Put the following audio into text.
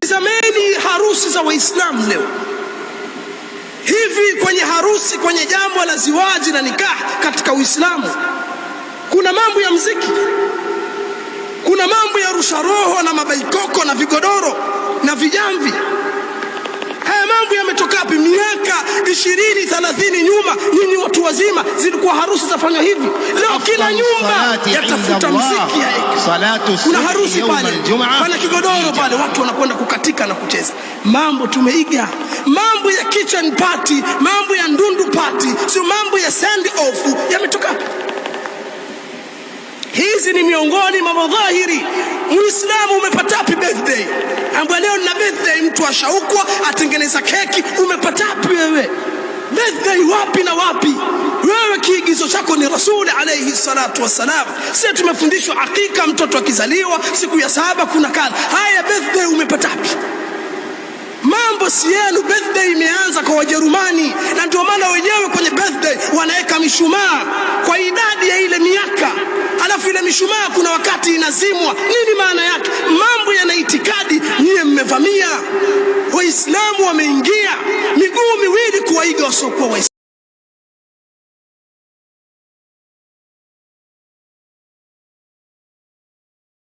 Tizameni harusi za Waislamu leo hivi, kwenye harusi, kwenye jambo la ziwaji na nikah katika Uislamu kuna mambo ya mziki, kuna mambo ya rusha roho na mabaikoko na vigodoro na vijamvi. Haya mambo yametoka wapi? wazima zilikuwa harusi zafanywa hivi. Leo kila nyumba yatafuta mziki, kuna harusi pale, pana kigodoro pale, watu wanakwenda kukatika na kucheza. Mambo tumeiga, mambo ya kitchen party, mambo ya ndundu party, sio mambo ya send off. Yametoka hizi ni miongoni mwa madhahiri. Muislamu umepatapi birthday? Ambapo leo nina birthday, mtu ashaukwa atengeneza keki, umepatapi? wapi na wapi. Wewe kiigizo chako ni Rasuli alayhi salatu wassalam. Sisi tumefundishwa hakika, mtoto akizaliwa siku ya saba kuna kala. Haya, birthday umepata wapi? Mambo si yenu. Birthday imeanza kwa Wajerumani, na ndio maana wenyewe kwenye birthday wanaweka mishumaa kwa idadi ya ile miaka, alafu ile mishumaa kuna wakati inazimwa. Nini maana yake? Mambo yana itikadi, nyiye mmevamia. Waislamu wameingia miguu miwili kuwaiga wasiokuwa Waislamu.